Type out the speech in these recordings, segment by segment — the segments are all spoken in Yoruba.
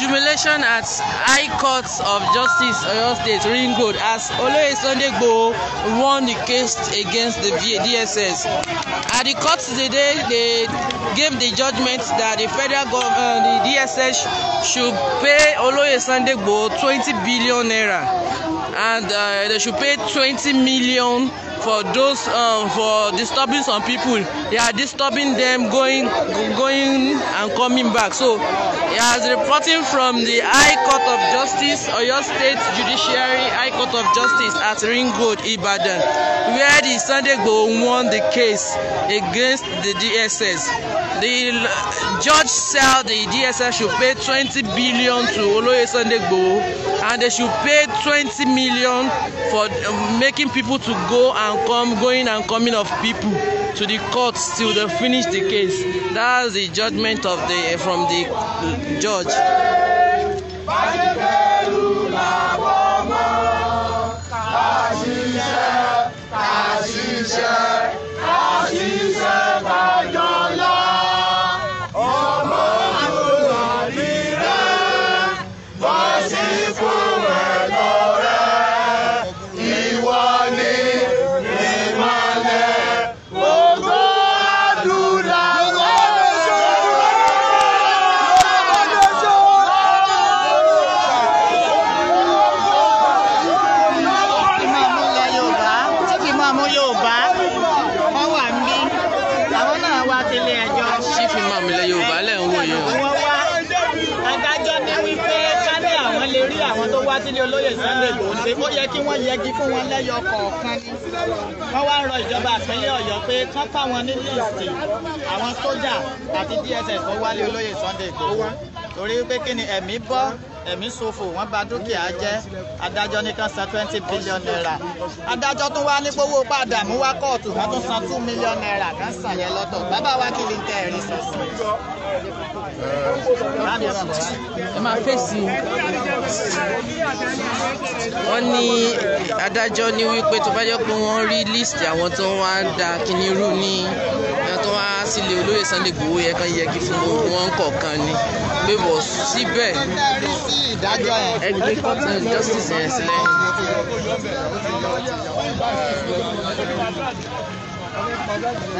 jubilation at High Court of Justice Oyo State Ring as Oloye Sunday Igboho won the case against the DSS. At the court today, they gave the judgment that the federal government, uh, the DSS, should pay Oloye Sunday Igboho 20 billion naira and uh, they should pay 20 million for those um, for disturbing some people they are disturbing them going going and coming back so he has reporting from the high court of justice oyo state judiciary high court of justice at ring road ibadan where the sunday igboho won the case against the dss The judge said the DSS should pay 20 billion to Oloye Sunday Igboho and they should pay 20 million for um, making people to go and come, going and coming of people to the courts till they finish the case. That's the judgment of the from the judge. sílé ẹjọ́. chief imam ilẹ̀ yorùbá lẹ̀ ń wòye o. wọ́n wá adájọ́ ní wípé kálẹ̀ àwọn lè rí àwọn tó wá sílé olóyè Sunday Igboho ṣe ó yẹ kí wọ́n yẹgi fún wọn lẹ́yọ kọ̀ọ̀kan wọ́n wá rọ ìjọba àpínlẹ̀ ọ̀yọ́ pé kán fáwọn ní líìsì àwọn sójà àti DSS tó wálé olóyè Sunday Igboho torí pé kí ni ẹ̀mí bọ́ ẹ̀mí ṣòfò wọ́n bà dúkìá jẹ́ adájọ́ ní kan san twenty billion naira adájọ́ tún wá ní gbowó padà mú wá kóòtù wọ́n tún san two million naira kan sàn yẹn lọ́tọ̀ bàbá wa kì í tẹ ẹ̀rí sọ̀sọ̀. ẹ máa fèsì wọ́n ní adájọ́ ní wípé tó bá jẹ́ pé wọ́n rí líìsì àwọn tó wá ń da kíní rú ní tó wá sílé olóyè Sunday Igboho yẹ kan yẹgi fún wọn kọ̀ọ̀kan ni bíbọ̀ síbẹ̀ education and justice yẹn sílẹ̀.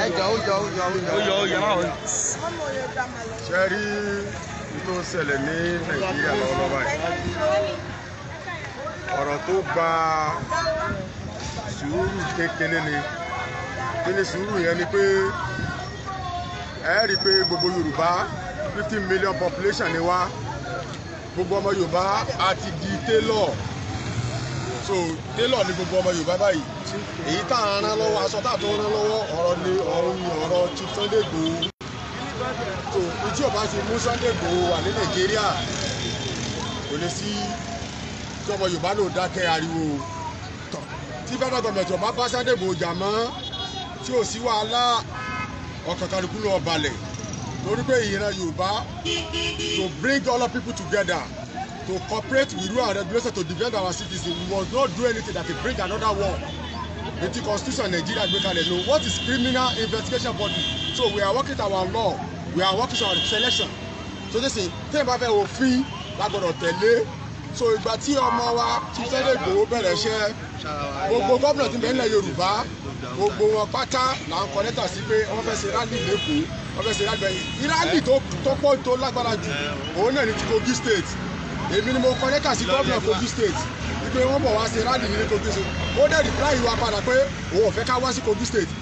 ẹ jọ ó jọ ó jọ ó jọ ó jọ ó ṣe rí tó ń ṣẹlẹ̀ ní nàìjíríà lọ́wọ́lọ́wọ́ báyìí ọ̀rọ̀ tó gba sùúrù kékeré ni kí ni sùúrù yẹn ni pé ẹ rí i pé gbogbo yorùbá Fifteen million population ni wá gbogbo ọmọ yorùbá a ti di tailor so tailor ni gbogbo ọmọ yorùbá báyìí èyí tá à ń rán lọ́wọ́ aṣọ tá à tó rán lọ́wọ́ ọ̀rọ̀ ni ọ̀rọ̀ ni ọ̀rọ̀ Chief Sunday Igboho so ìjì ọba ti mú Sunday Igboho wà ní nàìjíríà kò lè sí tí ọmọ yorùbá ló dákẹ́ ariwo tí bẹ́ẹ̀ náà gọ̀mẹ̀tì ọba bá Sunday Igboho jà mọ́ tí ò sí wàhálà ọ̀kọ̀ọ̀kan kúlọ̀ ọ̀balẹ̀ torí pé ìran Yorùbá to bring all our people together to cooperate with rule and regulation to defend our citizens we must not do anything that will bring another war into constitution Nigeria gbé kalẹ̀ no what is criminal investigation body so we are working our law we are working our selection so this is tẹ́lẹ̀ bá fẹ́ òfin lágbọ́dọ̀ tẹ̀lé so ìgbà tí ọmọ wa ti sẹ́lẹ̀ Ìgbòho bẹ̀rẹ̀ iṣẹ́ gbogbo gómìnà ti bẹ̀rẹ̀ Yorùbá gbogbo wọn pátá là ń kọ lẹ́tà sí pé wọ́n fẹ́ ṣe rálì lẹ́kọ̀ọ́ ọbẹ̀ ṣe lágbẹ̀yìn ìrálì tó pọ̀ tó lágbára jù òun náà ní ti Kogi state èmi ni mo kọ lẹ́tà sí gómìnà Kogi state wípé wọ́n bọ̀ wá ṣe rálì ní Kogi state ó dẹ̀ reply wa padà pé òun ò fẹ́ ká wá sí Kogi state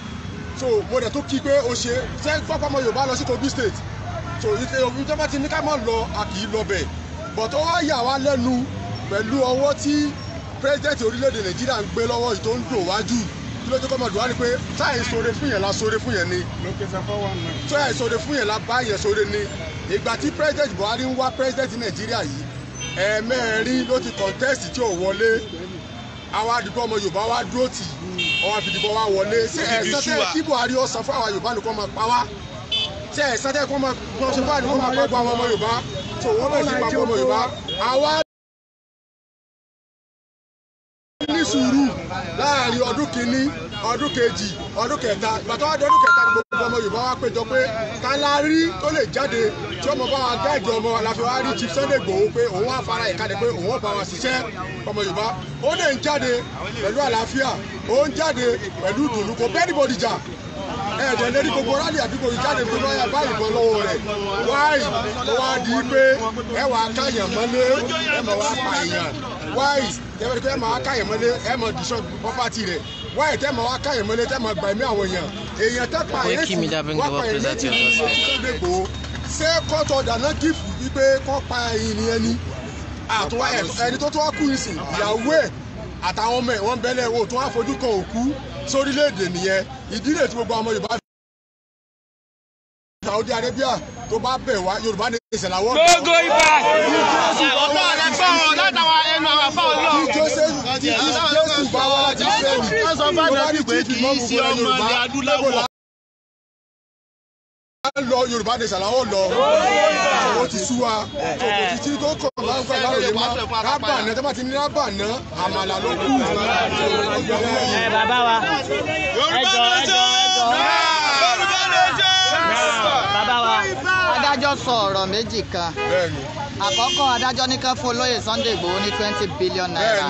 so mo dẹ̀ tó kí pé o ṣe ṣé gbọ́pọ̀ ọmọ Yorùbá lọ sí Kogi state so ìjọba ti ní ká má lọ a kì í lọ bẹ̀ but ó wá yà wá lẹ́nu pẹ̀lú ọwọ́ tí president orílẹ̀-èdè Nàìjíríà ń gbé lọ́wọ́ yìí tó ń dùn wájú yìí kí ló jẹ́ kọ́mọ dùn wá ni pé táyì sóore fún yẹn la sóore fún yẹn ni táyì sóore fún yẹn la bá yẹn sóore ni ìgbà tí president Buhari ń wá president Nàìjíríà yìí ẹ̀ẹ̀mẹ́rin ló ti contest tí ò wọlé àwa àdìgbò ọmọ Yorùbá wa dúró tì ọwọ́ àfìdìbò wa wọlé ṣé ẹ̀sán tẹ́ kí Buhari ó san fún àwa Yorùbá nìkan máa pa wá ṣé ẹ̀sán tẹ́ kí wọ́n máa gbọ́n ṣe fún àdìgbò máa pa àwọn ọmọ Yorùbá tó wọ́n bẹ̀ ní sùúrù láàrin ọdún kìíní ọdún kejì ọdún kẹta ìgbà tó wá di ọdún kẹta ni gbogbo ọmọ Yorùbá wa péjọ pé ta la rí tó lè jáde tí ọmọ bá wa gáàdì ọmọ aláfi wa rí Chief Sunday Igboho pé òun wá fara ìkàlẹ̀ pé òun ó bá wa ṣiṣẹ́ ọmọ Yorùbá ó lè ń jáde pẹ̀lú àlàáfíà ó ń jáde pẹ̀lú ìdùnnú kò bẹ́ẹ̀ níbo dìjà ẹ̀ẹ́dẹ̀ lórí gbogbo rálì àdúgbò ìjáde tó lọ́yà báyìí bọ́ lọ́wọ́ rẹ̀ wáyì ó wá di pé ẹwà káyàn mọ́lé ẹ̀mọ̀ wá pààyàn wáyì tẹ́fẹ́ tẹ́ máa káyàn mọ́lé ẹ máa dìṣọ́ pọ́pátì rẹ̀ wáyì tẹ́ máa káyàn mọ́lé tẹ́ máa gbàmí àwọn èèyàn èèyàn tẹ́ pa èyí sí wọ́n pa èyí sí ìgbòho ṣé kọ́tọ̀ ọ̀dà náà kì í fún wípé kọ́ pa ẹyin ni ẹni àtúwá ẹni tó tó wá kú ìsìn ìyàwó ẹ̀ àtàwọn ọmọ ẹ̀ wọ́n bẹ́lẹ̀ wo tó wá fojú kan òkú sórílẹ̀-èdè nìyẹn ìdílé tí gbogbo ọmọ Yorùbá fi tó bá bẹ̀ wá yorùbá ní ìṣẹ̀láwọ́. gbogbo ibà ọ̀pọ̀ ọ̀dàgbọ́ látàwọn ẹnu àwọn àbá ọlọ́. bí joseph bí joseph bá wà láti sẹ́yìn yorùbá ní kí ìmọ̀ gbogbo yorùbá lọ yorùbá ní ìṣàlàwọ̀ lọ ó ti sú wa kò títí tó kọ̀ láwùjọ aláròyé má rábà náà tó bá ti ní rábà náà àmàlà ló kù. ẹ bàbá wa ẹ jọ ẹ. adájọ́ sọ ọ̀rọ̀ méjì kan àkọ́kọ́ adájọ́ ní kan fún olóyè Sunday Igboho ní twenty billion naira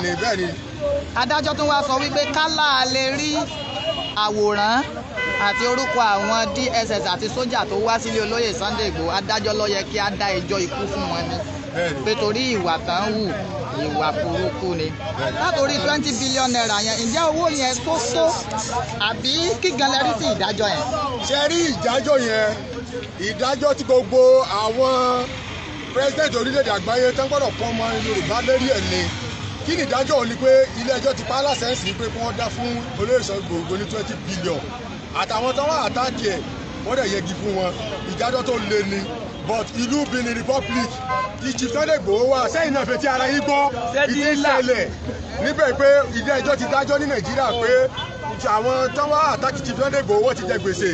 adájọ́ tún wá sọ wípé kálá lè rí àwòrán àti orúkọ àwọn DSS àti sójà tó wá sílé olóyè Sunday Igboho adájọ́ ló yẹ kí á dá ẹjọ́ ikú fún wọn ni pé torí ìwà tán wù ìwà burúkú ni látòrí twenty billion naira yẹn ǹjẹ́ owó yẹn tó tó àbí kí gan sí ìdájọ́ yẹn. ṣe rí ìdájọ́ yẹn ìdájọ́ tí gbogbo àwọn president orílẹ̀-èdè àgbáyé tán gbọ́dọ̀ pọ́n ọmọ Yorùbá lérí ẹ̀ ni kí ni ìdájọ́ òní pé ilé ẹjọ́ ti pálá sẹ́ǹsì pé kí wọ́n dá fún olóyè Ṣàngó ní twenty billion àtàwọn tó wà àtàkì ẹ̀ wọ́n dẹ̀ yẹgi fún wọn ìdájọ́ tó le ni but ìlú Benin Republic Chief Sunday Igboho wà sẹ́yìn náà fetí ara yín gbọ́ ìdí ìṣẹ̀lẹ̀ níbẹ̀ pé ilé ẹjọ́ ti dájọ́ ní Nàìjíríà pé àwọn tó wà àtàkì Chief Sunday Igboho wọ́n ti jẹ gbèsè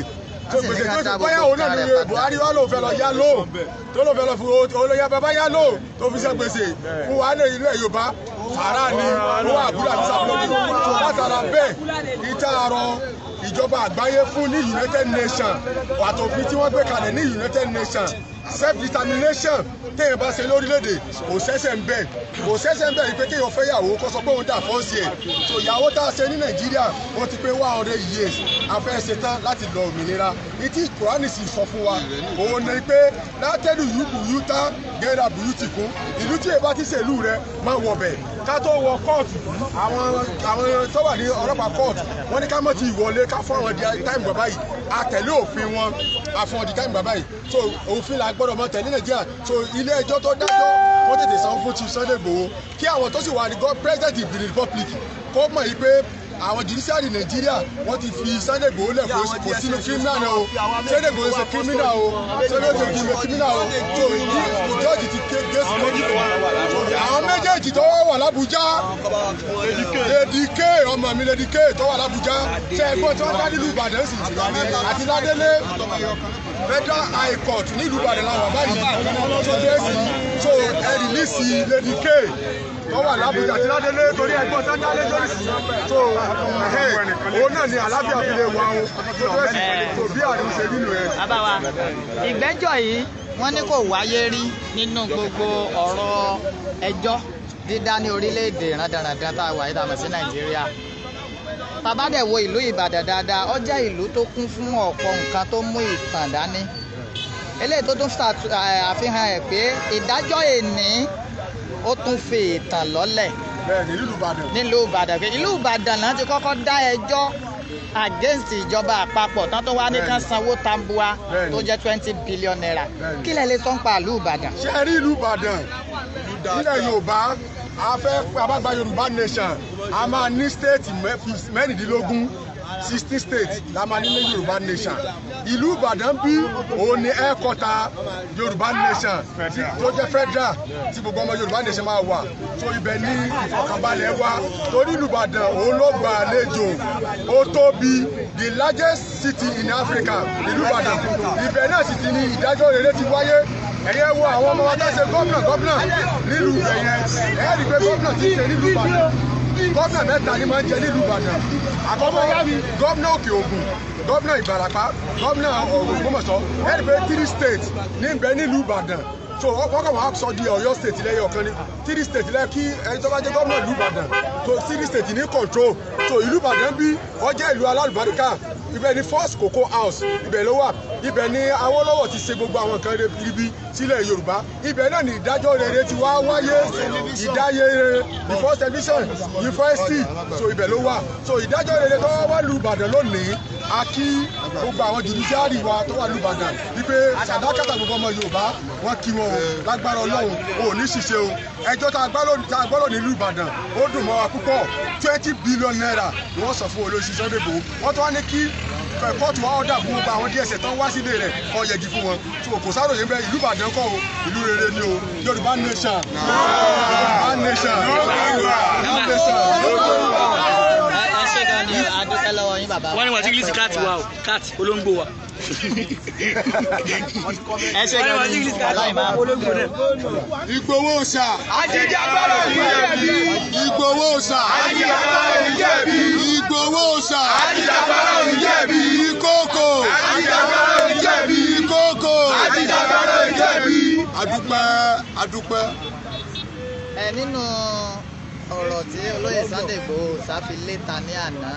tó gbèsè tó ti báyà òun náà nìyẹn Buhari wà lóun fẹ́ lọ yá lóun tó lóun fẹ́ lọ fi olóyà bàbá yá lóun tó fi ṣe gbèsè fún wa ní ilé Yorùbá sàrà ni owó àbúrò àti sàbúrò ni látara bẹ́ẹ̀ ìta àrọ ìjọba àgbáyé fún ní United Nations àtòfin tí wọ́n gbé kalẹ̀ ní United Nations self determination téèyàn bá ṣe lórílẹ̀‐èdè kò ṣẹ̀ṣẹ̀ ń bẹ̀ kò ṣẹ̀ṣẹ̀ ń bẹ̀ yìí pé kéèyàn fẹ́ yàwó kó sọ pé òun dà fọ́ọ̀sì ẹ̀ tó ìyàwó tá a ṣe ní Nàìjíríà wọ́n ti pé one hundred years afẹ́ ṣe tán láti lọ òmìnira ìtí Kùránì sì sọ fún wa òun ni pé látẹ́lù yìí bùyú tá gẹ́ra bùyú ti kún ìlú tí èèbá ti ṣèlú rẹ má wọ bẹ̀ ká tó wọ kóòtù àwọn tó wà ní ọlọ́pàá kóòtù wọ́n ní ká mọ̀ ti ìwọlé ká fún àwọn di táìmù bàbá yìí a tẹ̀lé òfin wọn a fún wọn di táìmù bàbá yìí so òfin la gbọ́dọ̀ mọ tẹ̀lé nàìjíríà so ilé ẹjọ́ tó dájọ́ wọ́n tètè sanwó fún Chief Sunday Igboho kí àwọn tó sì wà ní president of the republic kó mọ̀ yìí pé àwọn judiciary nàìjíríà wọ́n ti fi Sunday Igboho lẹ̀ kó sínú criminal náà o Sunday Igboho ṣe criminal o Sunday Igboho ṣe criminal o tó jọ́ọ̀jì ti ké gẹ́sì lójú tó àwọn méjèèjì tó wà lábújá lédìké ọmọ mi lédìké tó wà lábújá ṣe ẹgbọ́n tí wọ́n dá nílùú Ìbàdàn sì àti ládélé federal high court nílùú Ìbàdàn làwọn báyìí tó dé sí so ẹ rìlíìsì lédìké tó wà lábújá tí ládélé torí ẹgbọ́n sátálé lórí tó òun náà ni àlàáfíà fi lè wà o tó bí àrùn ṣe nínú ẹ. bàbá wa ìgbẹ́jọ́ yìí wọ́n ní kò wáyé rí nínú gbogbo ọ̀rọ̀ ẹjọ́ dídá ní orílẹ̀-èdè rádaràdà tá a wà yìí tá a mọ̀ sí nàìjíríà bàbá dẹ̀ wo ìlú ìbàdàn dáadáa ó jẹ́ ìlú tó kún fún ọ̀pọ̀ nǹkan tó mú ìtàn dání eléyìí tó tún àfihàn ẹ̀ pé ìdájọ́ èní ó tún fi ìtàn lọ́lẹ̀. bẹ́ẹ̀ni nílùú ìbàdàn. nílùú ìbàdàn pé ìlú ìbàdàn náà ti kọ́kọ́ dá ẹjọ́ against ìjọba àpapọ̀ tán tó wá ní kán sanwó tambua tó jẹ́ twenty billion naira kí lẹ lè sọ ń pa ìlú ìbàdàn. ṣe rí ìlú ìbàdàn nílẹ̀ yorùbá a fẹ́ abágbá yorùbá nation a máa ní stéètì mẹ́rìndínlógún sixty states la máa nílé nation ìlú ìbàdàn bí òun ni ẹ̀ẹ́kọ́ta yorùbá nation tó jẹ́ federal tí gbogbo ọmọ yorùbá nation máa wà tó ibẹ̀ ní ìfọ̀kànbalẹ̀ wa torí ìlú ìbàdàn òun ló gba àlejò ó tóbi the largest city in africa ìlú ìbàdàn ibẹ̀ náà sì ti ní ìdájọ́ rere ti wáyé ẹ̀yẹ wo àwọn ọmọ wa tó ṣe gómìnà gómìnà nílùú ẹ̀yẹ ẹ̀ẹ́dì pé gómìnà ti ṣe nílùú ìbàdàn gómìnà mẹ́ta ni máa ń jẹ nílùú Ìbàdàn àkọ́kọ́ gómìnà Òkè Ògùn gómìnà Ìbàràpá gómìnà Ògbómọ̀ṣọ́ ẹni pé three states ní ìbẹ nílùú Ìbàdàn so wọ́n kàn wá sọ di Ọ̀yọ́ state lẹ́yìn ọ̀kan ni three state lẹ́yìn kí ẹni tó bá jẹ́ gómìnà ìlú Ìbàdàn so three state ní control so ìlú Ìbàdàn bí ó jẹ́ ìlú alálùbáríkà ibẹ̀ ni first cocoa house ibẹ̀ ló wà ibẹ̀ ni Awólọ́wọ̀ ti ṣe gbogbo àwọn nǹkan ribi sílẹ̀ Yorùbá ibẹ̀ náà ni ìdájọ́ rere ti wá wáyé ìdáyé the first edition university so ibẹ̀ ló wà so ìdájọ́ rere tó wá lu Ìbàdàn lónìí a kí gbogbo àwọn judiciary wa tó wà lu Ìbàdàn wípé sàdákàtà gbogbo ọmọ Yorùbá wọn kí wọn o lágbára Ọlọ́run o ní ṣiṣẹ́ o ẹjọ́ tá a gbọ́ lónìí lu Ìbàdàn ó dùn mọ́ wa púpọ̀ twenty billion naira ni wọ́n sọ fún olóṣìṣẹ́ dèbò wọ́n tún wá ní kí kóòtù wa ọ̀dà fún gbogbo àwọn DSS tán wá sílé rẹ̀ kó yẹgi fún wọn kò sáré yẹn bẹ ìlú Ìbàdàn kọ́ o ìlú rere ni o Yorùbá nation Yorùbá nation Yorùbá nation wọ́n ní wọ́n ti gírísì káàtì wa o káàtì olóńgbò wa ẹsẹ̀ kan aláìmọ̀ apolongo rẹ̀. Ìgbòho ṣà. àjíjà gbọ́dọ̀ níjẹ̀bi. Ìgbòho ṣà. àjíjà gbọ́dọ̀ níjẹ̀bi. Ìgbòho ṣà. àjíjà gbọ́dọ̀ níjẹ̀bi. ìkókò. àjíjà gbọ́dọ̀ níjẹ̀bi. ìkókò. àjíjà gbọ́dọ̀ níjẹ̀bi. adúpẹ́ adúpẹ́. ẹ nínú ọ̀rọ̀ tí olóyè Sunday Igboho sáfi léta ní àná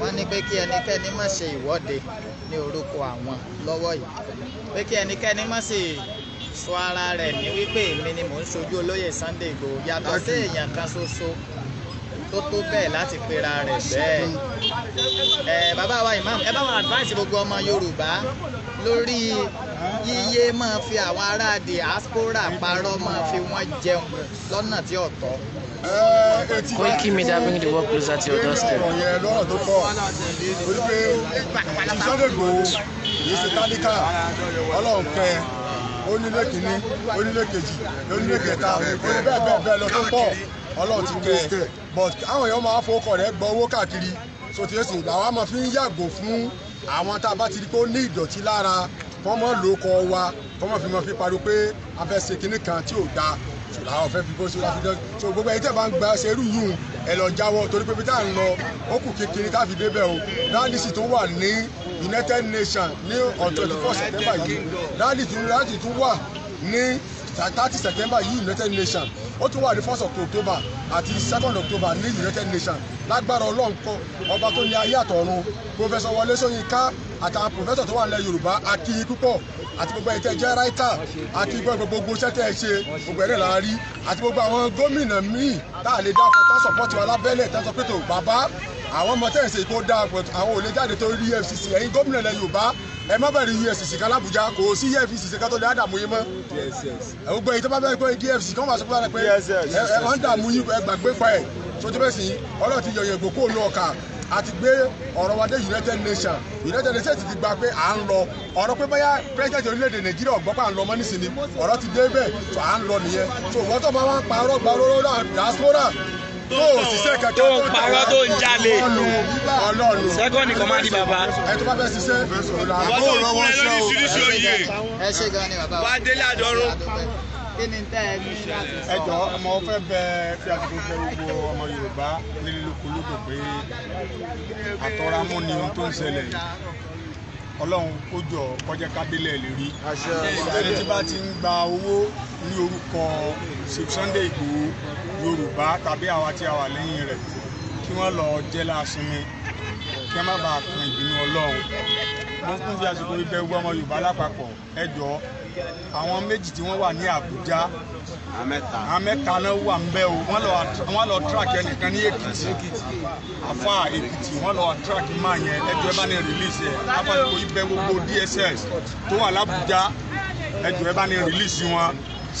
wọ́n ní pé kí ẹnikẹ́ni má ṣe ìwọ́de ní orúkọ àwọn lọ́wọ́ yìí pé kí ẹnikẹ́ni má sì sọ ara rẹ̀ ní wípé èmi ni mò ń ṣojú olóyè Sunday Igboho yàtọ̀ sí èèyàn kan ṣoṣo tó tó bẹ́ẹ̀ láti pera rẹ̀ bẹ́ẹ̀ bàbá wa imam ẹ bá wọn advice gbogbo ọmọ Yorùbá lórí yíyé máa fi àwọn ará diaspora parọ́ máa fi wọ́n jẹun lọ́nà tí ò tọ́. Koiki Media bring the work closer to your doorstep. lọ́rọ̀ tó pọ̀ torí pé ìṣọ́dẹ̀gbò yìí ṣe tálíkà ọlọ́run fẹ́ onílé kìíní onílé kejì onílé kẹta bẹ́ẹ̀ bẹ́ẹ̀ bẹ́ẹ̀ lọ tó pọ̀ ọlọ́run ti kẹ́ but àwọn èèyàn máa fọwọ́kọ̀ rẹ̀ gbọ́ owó káàkiri so làwọn máa fi ń yàgò fún àwọn tá a bá ti di pé ó ní ìdọ̀tí lára kọ́ mọ́ ló kọ́ wa kọ́ mọ́ fi mọ́ fi pariwo pé a fẹ́ ṣe kinní kan tí ò da ṣùgbọ́n àwọn fẹ́ fi bó ṣe wá fi dán so gbogbo ẹ̀yin tẹ́ bá ń gba ṣerú yùn ẹ̀ lọ jáwọ́ torí pé bí tá à ń lọ ó kù kékeré tá a fi débẹ̀ o dáàdìsì tó wà ní United Nations ní on twenty four September yìí dáàdìsì tó wà ní thirty September yìí United Nations ó tún wà ní first of October àti second October ní United Nations lágbára Ọlọ́run kọ́ ọba tó ní ayé àtọ̀run Professor Wọlé Ṣóyínká àtàwọn pòfẹ́sọ̀ tó wà nílẹ̀ Yorùbá àti yín púpọ̀ àti gbogbo ẹ̀yin tẹ́ jẹ́ ráìtà àti gbogbo iṣẹ́ tẹ́ ẹ ṣe gbogbo ẹ̀rẹ́ la rí àti gbogbo àwọn gómìnà míì tá a lè dákọ̀ tá sọ̀pọ̀tì wa lábẹ́lẹ̀ tá sọ pé tó bàbá àwọn ọmọ tẹ̀sí kó dáa pẹ̀lú àwọn olè jáde tó rí EFCC ẹ̀yin gómìnà ilẹ̀ Yorùbá ẹ má bẹ̀rẹ̀ EFCC kan l'Abuja kò sí EFCC kan tó lè dààmú yín mọ́ gbogbo èyí tó bá bẹ̀rẹ̀ pé EFCC kan wà sọ pé ẹ ń dààmú yín ẹ gbàgbé pa ẹ̀ tó ti bẹ́ẹ̀ sìn ọlọ́ọ̀tì yọ̀yẹ̀ gbòkó òun ọ̀ka a ti gbé ọ̀rọ̀ wa dé united nations united nations ti gba pé à ń lọ ọ̀rọ̀ pé bóyá president orílẹ̀-èdè nàìjíríà ọ̀gbọ́n pa à ń lọ mọ́ nísìnyí ọ̀rọ̀ ti dé bẹ́ẹ̀ tó à ń lọ nìyẹn tó wọ́n tó máa ń parọ́ gbaróró diaspora tó òṣìṣẹ́ kankan tó ń parọ́ tó ń jalè ọlọ́ọ̀lù second in command bàbá ẹ tó bá fẹ́ ṣiṣẹ́ ìlànà ó rọwọ́ ṣe o ẹ ṣe gan bàbá wa. wá délé kí ni tẹ́ ẹ ní láti sọ. ẹ jọ ọmọ fẹ́ bẹ fi àtúntò fẹ́ gbogbo ọmọ Yorùbá lílí lókolódò pé àtọramú ni ohun tó ń ṣẹlẹ̀ Ọlọ́run ó jọ kọjá kábílẹ̀ lè ẹni tí bá ti ń gba owó ní orúkọ Sunday Igboho Yorùbá tàbí àwa tí a wà lẹ́yìn rẹ̀ kí wọ́n lọ jẹ́ láàsinmi kí wọ́n má bàa kan ìbínú Ọlọ́run wọ́n tún fi àsìkò ibẹ̀ wọ ọmọ Yorùbá lápapọ̀ ẹ àwọn méjì tí wọ́n wà ní Àbújá àwọn náà wà ń bẹ̀ o wọ́n lọ track ẹnìkan ní Èkìtì afa Èkìtì wọ́n lọ track máa yẹn ẹ jọ ẹ bá ní release ẹ àfàsìkò ibẹ̀ gbogbo DSS tó wà lábújá ẹ jọ ẹ bá ní release wọn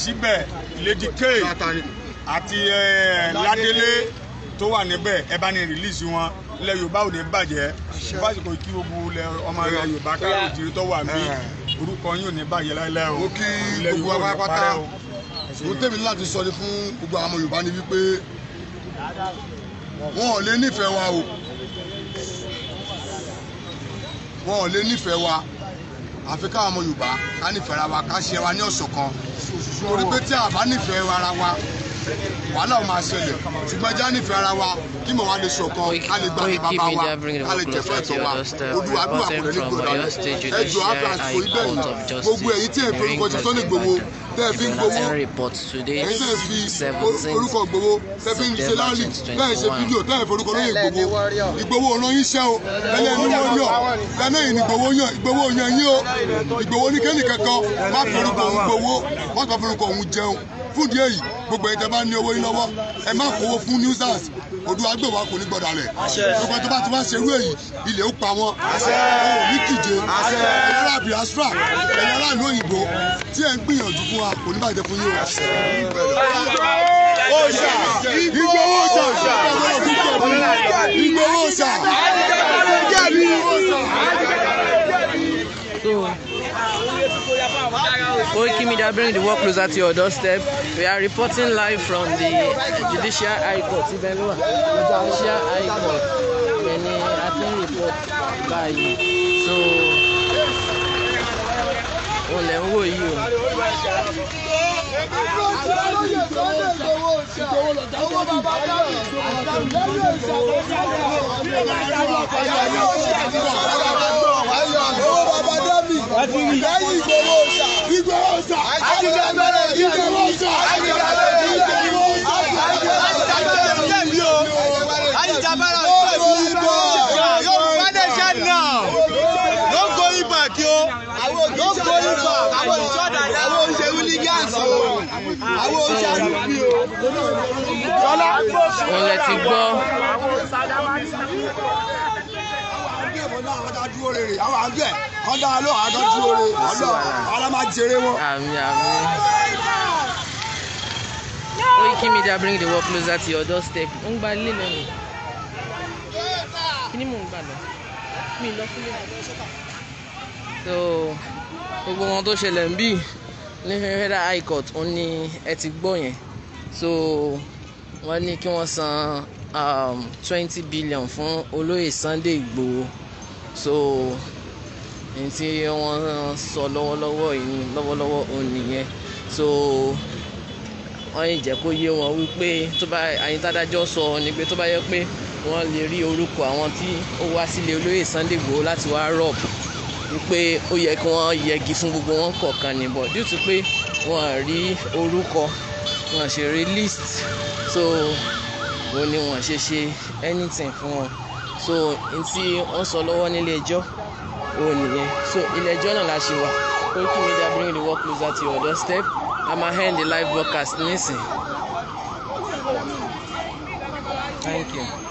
síbẹ̀ Lady K àti Ládélé tó wà níbẹ̀ ẹ bá ní release wọn ilẹ̀ yorùbá ò ní bàjẹ́ fásitì kí gbogbo ọmọ ilẹ̀ yorùbá káàró ìdírí tó wà mí orúkọ yín ò ní bàjẹ́ láìláì o ilẹ̀ yorùbá ò ní parẹ́ o. mo tẹ́mi láti sọ ni fún gbogbo àwọn yorùbá ni wípé wọn ò lè nífẹ̀ẹ́ wa o wọn ò lè nífẹ̀ẹ́ wa àfi káwọn ọmọ yorùbá ká nífẹ̀ẹ́ ra wa ká ṣe wa ní ọ̀ṣọ̀kan torí pé tí a bá nífẹ̀ẹ́ ara wa wàhálà ò máa ṣẹlẹ̀ ṣùgbọ́n ẹja nífẹ̀ẹ́ ara wa kí mọ̀ wá lè ṣọ̀kan ká lè gbàgbé bàbá wa ká lè jẹ̀fẹ́ ẹ̀tọ́ wa olúwa bí wà kò ní kúrò lálẹ́ ẹjọ́ àbúrò ibẹ̀ yìí gbogbo èyí tí èyí forúkọ ti sọ́ni gbowó tẹ́ ẹ fi ń gbowó èyí tẹ́ ẹ fi orúkọ gbowó tẹ́ ẹ fi ń ṣe láàlì tẹ́ ẹ ṣe fídíò tẹ́ ẹ forúkọ lóye gbowó ìgbowó olóyin ṣẹ́ o ẹlẹ́ni wọ́n yàn lẹ́nìyàn ìgbowó yàn ìgbowó yàn yín o ìgbowó ní kẹ́nìkẹ́kọ̀ọ́ má forúkọ òun gbowó má forúkọ òun jẹun fúndìí èyí gbogbo ẹ̀ tẹ́ bá ní owó yín lọ́wọ́ ẹ má kówó fún newsers odò agbèwà kò ní gbọ́dọ̀ rẹ̀ gbogbo ẹ̀ tó bá ti wá ṣerú èyí ilé ó pa wọn ò ní kìje ẹ̀yára biafra ẹ̀yára ìlú òyìnbó tí ẹ̀ ń gbìyànjú fún wa kò ní bàjẹ́ fún yín o. Ìgbòho ọjà ìgbòho ọjà ìgbòho ọjà. Koiki Media bring the work closer to your doorstep. We are reporting live from the Judicial High Court. Ibeluwa, Judicial High Court. Ẹni a ti ń report báyìí. So òun lẹ̀ ń wò yìí o. Owó bàbá Dábì, lẹ́yìn Ìgbòho ọ̀sà, Ìgbòho ọ̀sà, àti ìjọba rẹ̀ Ìgbòho. òun lẹ ti gbọ́. àwọn àgbẹ̀ kan dára ló àwọn àgbẹ̀ dúró rè ọlọ́ ọlọ́ máa jèrè wọn. àmín àmín. Koiki Media bring the world closer to your doorstep. ó ń gba ilé lẹ́nu. kí ni mò ń gbà lọ? mi lọ fún mi. so gbogbo wọn tó ṣẹlẹ̀ ń bì ní federal high court òun ni ẹ ti gbọ́ yẹn so wọ́n ní kí wọ́n san um, twenty um, billion fún olóyè Sunday Igboho so ní tí wọ́n sọ lọ́wọ́lọ́wọ́ yìí lọ́wọ́lọ́wọ́ òun nìyẹn so wọ́n yìí jẹ́ kó yé wọn wípé tó bá àyíntádájọ́ sọ ni pé tó bá yẹ pé wọ́n lè rí orúkọ àwọn tí ó wá sílé olóyè Sunday Igboho láti wá rọ̀b wípé ó yẹ kí wọ́n yẹgi fún gbogbo wọn kọ̀ọ̀kan nìbọ̀ due pé wọ́n rí orúkọ wọn ṣe released so òun ni wọn ṣe ṣe anything fún wọn so n tí wọ́n sọ lọ́wọ́ nílé ẹjọ́ òun nìyẹn so ilé ẹjọ́ náà la ṣe wà Koiki Media bring the work closer to your doorstep a máa end the live broadcast nísìn. Thank you.